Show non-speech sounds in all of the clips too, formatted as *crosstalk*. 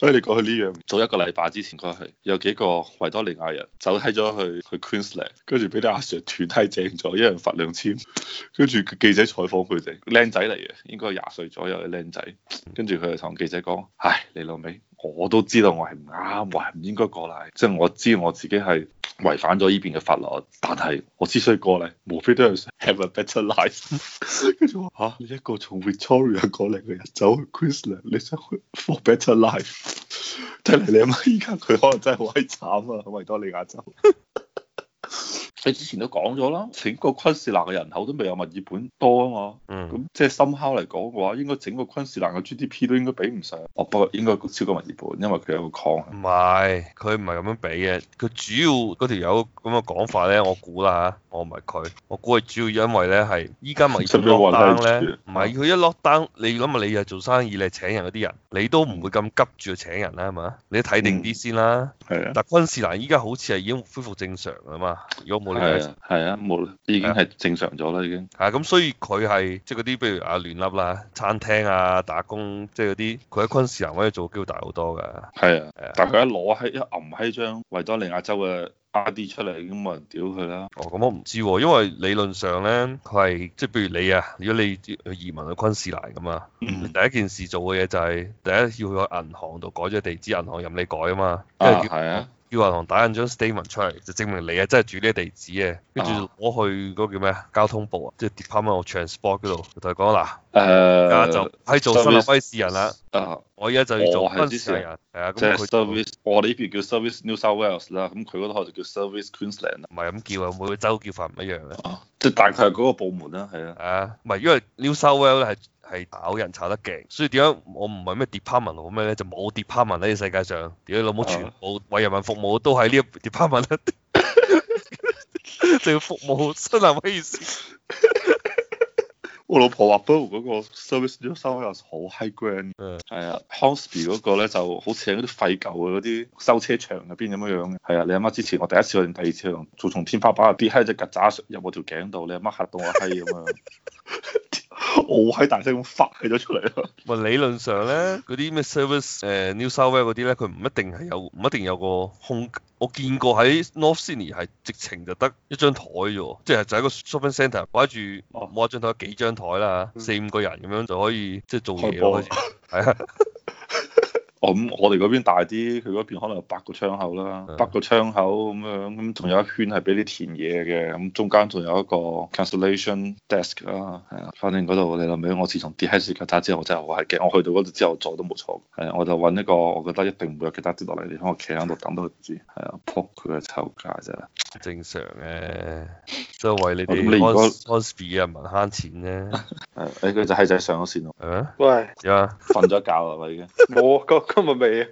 所以你過去呢樣？早一個禮拜之前過去，有幾個維多利亞人走喺咗去，去 Queensland 跟住，畀啲阿 Sir 斷低正咗，一人罰兩千。跟住記者採訪佢哋，靚仔嚟嘅，應該廿歲左右嘅靚仔。跟住佢就同記者講，唉，你老味。」我都知道我係唔啱，我係唔應該過嚟，即係我知我自己係違反咗依邊嘅法律，但係我之所以過嚟，無非都係想 have a better life。 *laughs* 跟住話吓，你一個從 Victoria 過嚟嘅人走去 s 昆士蘭，你想去 for better life？睇 *laughs* 嚟你阿媽依家佢可能真係好鬼慘啊，維多利亞州。 *laughs* 你之前都講咗啦，整個昆士蘭嘅人口都未有墨爾本多啊嘛，嗯，咁即係深烤嚟講嘅話，應該整個昆士蘭嘅 GDP 都應該比唔上，哦不過應該超過墨爾本，因為佢有個礦。唔係，佢唔係咁樣比嘅，佢主要嗰條友咁嘅講法咧，我估啦嚇，我唔係佢，我估係主要因為咧係依家墨爾本落單咧，唔係佢一落單的，你咁啊你又做生意，你請人嗰啲人，你都唔會咁急住去請人啦，係嘛？你睇定啲先啦，係啊、嗯。但昆士蘭依家好似係已經恢復正常啊嘛，如果冇。係啊，係啊，冇，已經係正常咗啦，已經、啊。係、啊、咁所以佢係即係嗰啲，譬、就是、如啊，亂笠啦，餐廳啊，打工，即係嗰啲，佢喺昆士蘭可以做機會大好多噶。係啊，但佢一攞喺一揞喺張維多利亞州嘅 ID 出嚟，已經冇人屌佢啦。Entonces, him, 哦，咁我唔知喎、啊，因為理論上咧，佢係即係譬如你啊，如果你移民去昆士蘭咁嘛，嗯、第一件事做嘅嘢就係、是、第一要去銀行度改咗地址，銀行任你改啊嘛。因為啊，係啊。啊啊叫銀行打印張 statement 出嚟，就證明你係真係住呢個地址嘅。跟住我去嗰叫咩啊交通部啊，即係 department of transport 嗰度同佢講嗱誒，就喺、是 uh, 做新南威士人啦。啊，uh, 我而家就要做新南威士人，係啊，即係 service、嗯。我哋呢邊叫 service New South Wales 啦，咁佢嗰度就叫 service Queensland 唔係咁叫啊，每個州叫法唔一樣嘅。即係、uh, 大概係嗰個部門啦，係啊。啊，唔係因為 New South Wales 係。係咬人炒得勁，所以點解我唔係咩 department 咁咩咧？就冇 department 喺世界上，你老母全部為人民服務都喺呢一個 department，仲要服務新南威爾士。我老婆話幫我嗰個 service 中心又好 high grand，係啊，Hornsby 嗰個咧就好似喺啲廢舊嗰啲修車場入邊咁樣樣。係啊，你阿媽之前我第一次同第二次同做從天花板入邊喺隻曱甴入我條頸度，你阿媽嚇到我閪咁樣。我喺大聲咁發咗出嚟咯。喂，理論上咧，嗰啲咩 service 誒 New South Wales 嗰啲咧，佢唔一定係有，唔一定有個空。我見過喺 North Sydney 係直情就得一張台啫，即係就係一個 shopping centre 擺住冇一張台，幾張台啦，四五個人咁樣就可以即係做嘢咯。係啊。咁我哋嗰邊大啲，佢嗰邊可能有八個窗口啦，八的個窗口咁樣，咁仲有一圈係俾啲田野嘅，咁中間仲有一個 cancellation desk 啦，係啊，反正嗰度你諗下，我自從跌喺雪茄之後，我真係好係驚，我去到嗰度之後坐都冇坐，係我就揾一個，我覺得一定唔會有其他跌落嚟，你喺我企喺度等到佢，係 *laughs* 啊，扑佢嘅臭街啫，正常嘅，即都為你哋， *laughs* 咁你而家 c o s p 咪慳錢咧？誒，佢就閪仔上咗線咯，喂，點啊？瞓咗一覺啊已經，我啊，個今日未啊！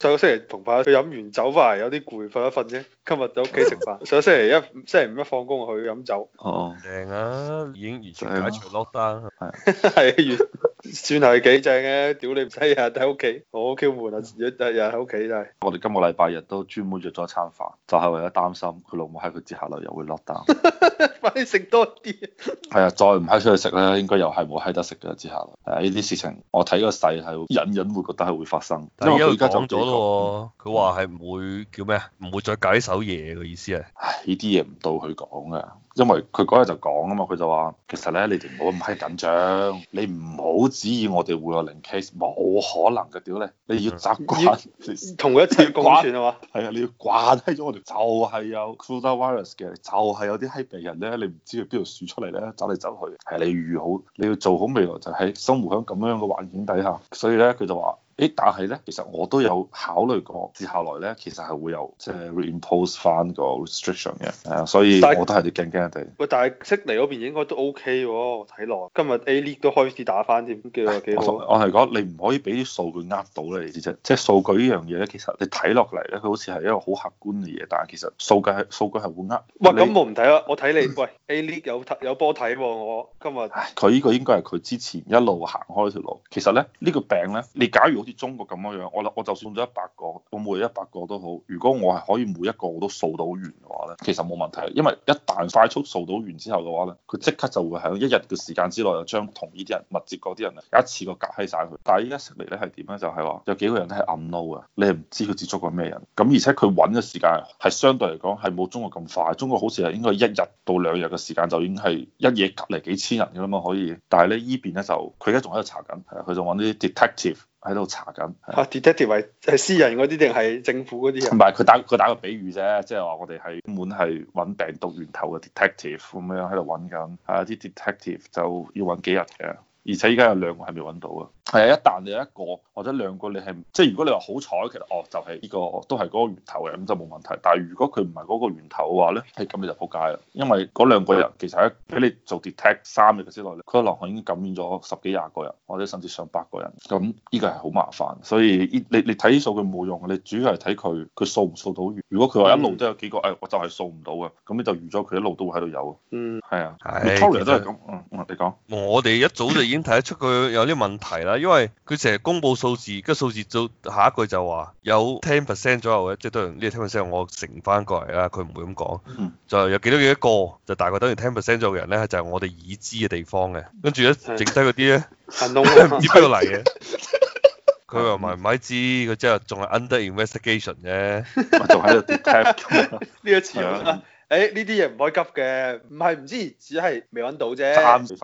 上個星期同朋友去飲完酒翻嚟有啲攰，瞓一瞓啫。今日喺屋企食飯，上個星期一星期五一放工去飲酒。哦，正啊，已經完全解除 lockdown。係啊，算係幾正嘅，屌你唔使日日喺屋企，好 Q 悶啊，成日日喺屋企就係。我哋今個禮拜日都專門約咗一餐飯，就係、係、為咗擔心佢老母喺佢接下樓又會落單。 *laughs* 快啲食多啲。係啊，再唔喺出去食咧，應該又係冇喺得食嘅之下樓。呢啲事情我睇個勢係隱隱會覺得係會發生。因為而家而家走咗咯，佢話係唔會叫咩啊？唔會再解手嘢嘅意思啊？唉，呢啲嘢唔到佢講㗎。因為佢嗰日就講啊嘛，佢就話其實咧，你哋唔好咁閪緊張，你唔好指意我哋會有零 case，冇可能嘅，屌你，你要習慣，同佢要 *laughs* 一齊共存啊嘛，係啊， *laughs* 你要慣低咗我哋就係、是、有 c o u t e virus 嘅，就係、是、有啲閪病人咧，你唔知佢邊度樹出嚟咧，走嚟走去，係你預好，你要做好未來就喺生活喺咁樣嘅環境底下，所以咧佢就話。但係咧，其實我都有考慮過，接下來咧，其實係會有即係 reimpose 翻個 restriction 嘅，係啊，所以是我都係啲驚驚地。喂，但係悉尼嗰邊應該都 OK 喎，睇落今日 A League 都開始打翻添，幾啊幾好，我係講你唔可以俾啲數據呃到咧，你知唔知？即係數據呢樣嘢咧，其實你睇落嚟咧，佢好似係一個好客觀嘅嘢，但係其實數據係數據係會呃。喂，咁你我唔睇啦，我睇你。 *laughs* 喂 A League 有睇有波睇喎，我今日。佢呢個應該係佢之前一路行開條路。其實咧，呢個病咧，你假如好似。中國咁樣樣，我我就算咗一百個，我每一百個都好。如果我係可以每一個我都掃到完嘅話咧，其實冇問題。因為一旦快速掃到完之後嘅話咧，佢即刻就會喺一日嘅時間之內，就將同呢啲人密接嗰啲人咧一次過隔閪晒佢。但係依家食嚟咧係點咧？就係話有幾個人咧係暗 no 嘅，你係唔知佢接觸過咩人。咁而且佢揾嘅時間係相對嚟講係冇中國咁快。中國好似係應該一日到兩日嘅時間就已經係一夜隔離幾千人嘅啦嘛可以。但係咧呢邊咧就佢而家仲喺度查緊，係佢就揾啲 detective。喺度查緊啊 detective 係係私人嗰啲定係政府嗰啲啊？唔係，佢打佢打個比喻啫，即係話我哋係滿係揾病毒源頭嘅 detective 咁樣喺度揾緊啊。啲、ah，detective 就要揾幾日嘅，而且依家有兩個係未揾到啊。係啊！一旦你有一個或者兩個你，你係即係如果你話好彩，其實哦就係呢個都係嗰個源頭嘅咁就冇問題。但係如果佢唔係嗰個源頭嘅話咧，係咁你就撲街啦，因為嗰兩個人其實喺俾你做 detect 三日嘅之內佢嘅浪可能已經感染咗十幾廿個人或者甚至上百個人。咁呢個係好麻煩，所以你你睇數據冇用，你主要係睇佢佢掃唔掃到完。如果佢話一路都有幾個，誒、哎、我就係掃唔到嘅，咁你就預咗佢一路都會喺度有。嗯，係啊，你抽樣都係咁。嗯，我哋講。我哋一早就已經睇得出佢有啲問題啦。因為佢成日公布數字，個數字做下一句就話有 ten percent 左右嘅，即係等於呢個 ten percent 我乘翻過嚟啦，佢唔會咁講。嗯、就有幾多幾多個，就大概等於 ten percent 左右嘅人咧，就係、是、我哋已知嘅地方嘅。跟住咧，剩低嗰啲咧，唔 *laughs* 知邊嚟嘅。佢話唔唔咪知，佢即係仲係 under investigation 啫，仲喺度 detect 呢個情況嗎。嗯誒呢啲嘢唔可以急嘅，唔係唔知，只係未揾到啫，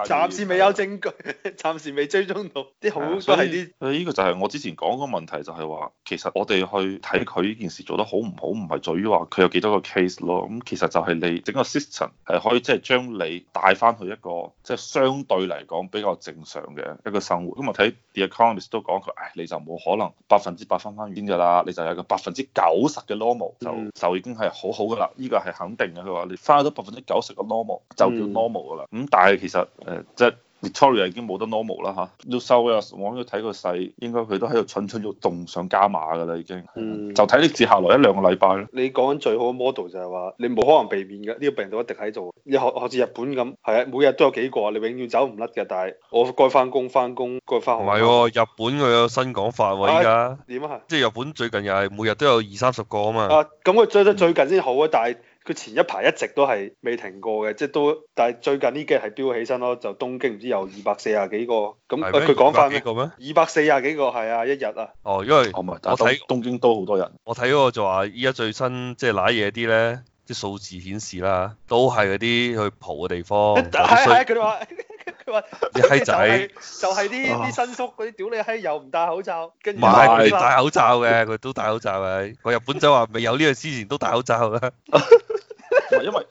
暫時未有證據，對暫時未追蹤到啲好，所以佢呢個就係我之前講嗰個問題就，就係話其實我哋去睇佢呢件事做得好唔好，唔係在於話佢有幾多個 case 咯，咁其實就係你整個 system 係可以即係將你帶翻去一個即係、就是、相對嚟講比較正常嘅一個生活。咁我睇 The Economist 都講佢，唉、哎，你就冇可能百分之百翻返邊㗎啦，你就有個百分之九十嘅 normal 就、嗯、就已經係好好㗎啦，呢個係肯定。佢話你花咗百分之九十嘅 normal 就叫 normal 噶啦，咁但係其實誒即係 Victoria 已經冇得 normal 啦嚇。New South Wales 我喺度睇個勢，應該佢都喺度蠢蠢欲動想加碼噶啦已經，嗯、就睇你接下來一兩個禮拜，你講緊最好嘅 model 就係話你冇可能避免嘅呢、呢個病毒一定喺度，你學學似日本咁係啊，每日都有幾個，你永遠走唔甩嘅。但係我該翻工翻工，該翻學唔係喎，日本佢有新講法喎，而家點啊？即係在、啊啊、日本最近又係每日都有二三十個啊嘛。啊咁佢追得最近先好啊，但係。佢前一排一直都係未停過嘅，即係都，但係最近呢幾日係飆起身咯，就東京唔知有二百四十幾個咁，佢講翻咩？二百四十幾個係啊，一日啊。哦，因為我睇、哦、東、看東京都好多人。我睇嗰個就話依家最新即係瀨嘢啲咧，啲數字顯示啦，都係嗰啲去蒲嘅地方。佢你閪仔，就係啲啲新宿嗰啲屌你閪又唔戴口罩，跟住唔係戴口罩嘅佢都戴口罩嘅。我日本仔話未有呢個之前都戴口罩啦。唔因為，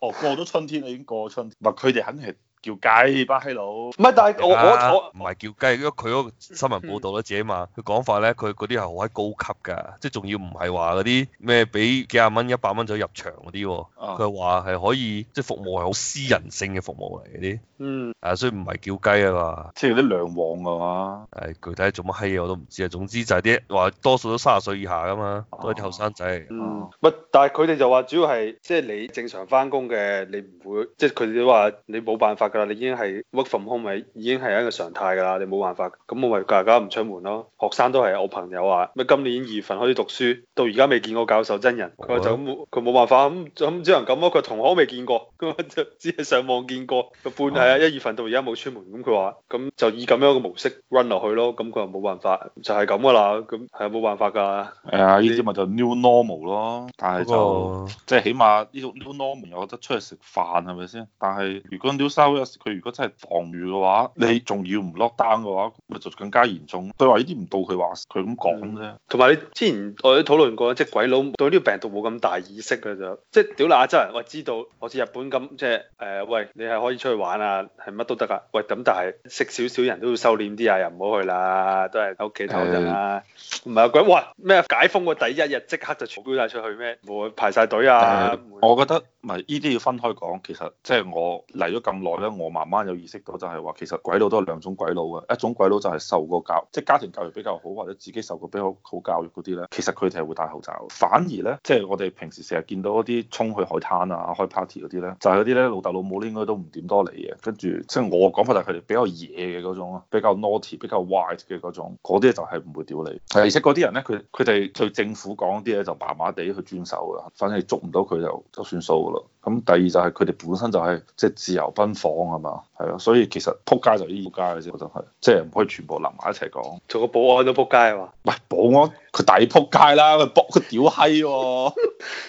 哦，過咗春天啦，已經過咗春天。唔係佢哋肯定。叫雞巴閪佬。唔係，但係我我我唔係叫雞，因為佢嗰個新聞報道咧、嗯，自己嘛佢講法咧，佢嗰啲係好閪高級噶，即係仲要唔係話嗰啲咩俾幾廿蚊、一百蚊就入場嗰啲，佢係話係可以，即係服務係好私人性嘅服務嚟嗰啲。嗯。啊，所以唔係叫雞啊嘛。即係啲兩黃啊嘛。係、哎，具體做乜閪嘢我都唔知啊。總之就係啲話多數都三十歲以下噶嘛，都係啲後生仔。嗯。唔、啊、但係佢哋就話主要係即係你正常翻工嘅，你唔會即係佢哋話你冇辦法。其實你已經係 work from home 咪已經係一個常態㗎啦，你冇辦法，咁我咪大家唔出門咯。學生都係我朋友話，咩今年二月份開始讀書，到而家未見過教授真人，佢話就咁，佢冇辦法，咁咁只能咁咯。佢同學未見過，咁就只係上網見過。佢半係啊，一月份到而家冇出門，咁佢話，咁就以咁樣嘅模式 run 落去咯。咁佢話冇辦法，就係咁㗎啦。咁係冇辦法㗎。係啊、哎呀，呢啲咪就 new normal 咯。但係就即係、那個、起碼呢種 new normal 有得出嚟食飯係咪先？但係如果 new south 佢如果真係防禦嘅話，你仲要唔落 o 嘅話，咪就更加嚴重。佢話呢啲唔到，佢話佢咁講啫。同埋、嗯、你之前我哋討論過，即係鬼佬對呢個病毒冇咁大意識嘅就，即係屌嗱亞洲人，我知道，好似日本咁，即係誒，喂，你係可以出去玩啊，係乜都得㗎、啊。喂，咁但係食少少人都要收斂啲啊，又唔好去啦，都係喺屋企唞緊啦。唔係鬼，哇咩解封嘅第一日即刻就全部都出去咩？冇排晒隊啊。呃、會我覺得唔咪呢啲要分開講，其實即係我嚟咗咁耐咧。我慢慢有意識到就係話，其實鬼佬都係兩種鬼佬嘅，一種鬼佬就係受過教，即係家庭教育比較好，或者自己受過比較好教育嗰啲咧，其實佢哋係會戴口罩。反而咧，即係我哋平時成日見到嗰啲衝去海灘啊、開 party 嗰啲咧，就係嗰啲咧老豆老母應該都唔點多理嘅。跟住，即係我講法就係佢哋比較野嘅嗰種，比較 naughty 比較 wild 嘅嗰種，嗰啲就係唔會屌你。係而且嗰啲人咧，佢佢哋對政府講啲咧就麻麻地去遵守嘅，反正捉唔到佢就就算數嘅咯。咁第二就係佢哋本身就係即係自由奔放啊嘛，係啊。所以其實撲街就啲撲街嘅啫，我都、就、係、係，即係唔可以全部攬埋一齊講。做個保安都撲街啊嘛？喂，保安佢大撲街啦，佢博佢屌閪喎，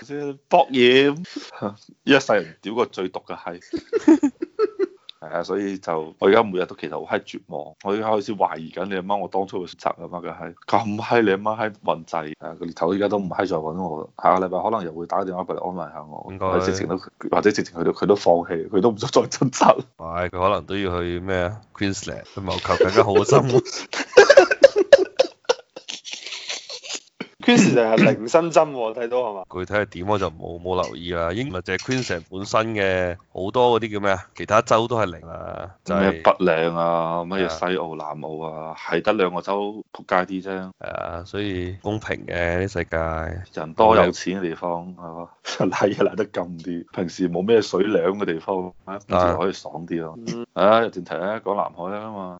先博嘢，一世人屌個最毒嘅閪。 *laughs* *laughs* 係啊，所以就我而家每日都其實好閪絕望，我而家開始懷疑緊你阿媽我當初嘅選擇啊嘛，佢係咁閪你阿媽閪混滯，誒個獵頭而家都唔閪再揾我，下個禮拜可能又會打個電話過嚟安慰下我，應該直情都或者直情去到，佢都放棄，佢都唔想再進修，唔係佢可能都要去咩啊，Queensland 去謀求更加好嘅生活。 *laughs* Queen 城係零新增喎，睇到係嘛？具體係點我就冇冇留意啦。英文就係 Queen 城本身嘅好多嗰啲叫咩啊？其他州都係零啦，咩、就係、北領啊，乜嘢西澳、南澳啊，係得兩個州撲街啲啫。係啊，所以公平嘅呢世界，人多有錢嘅地方係嘛，舐嘢舐得咁啲。平時冇咩水兩嘅地方，平時可以爽啲咯。唉、啊，入正題講南海得啦嘛。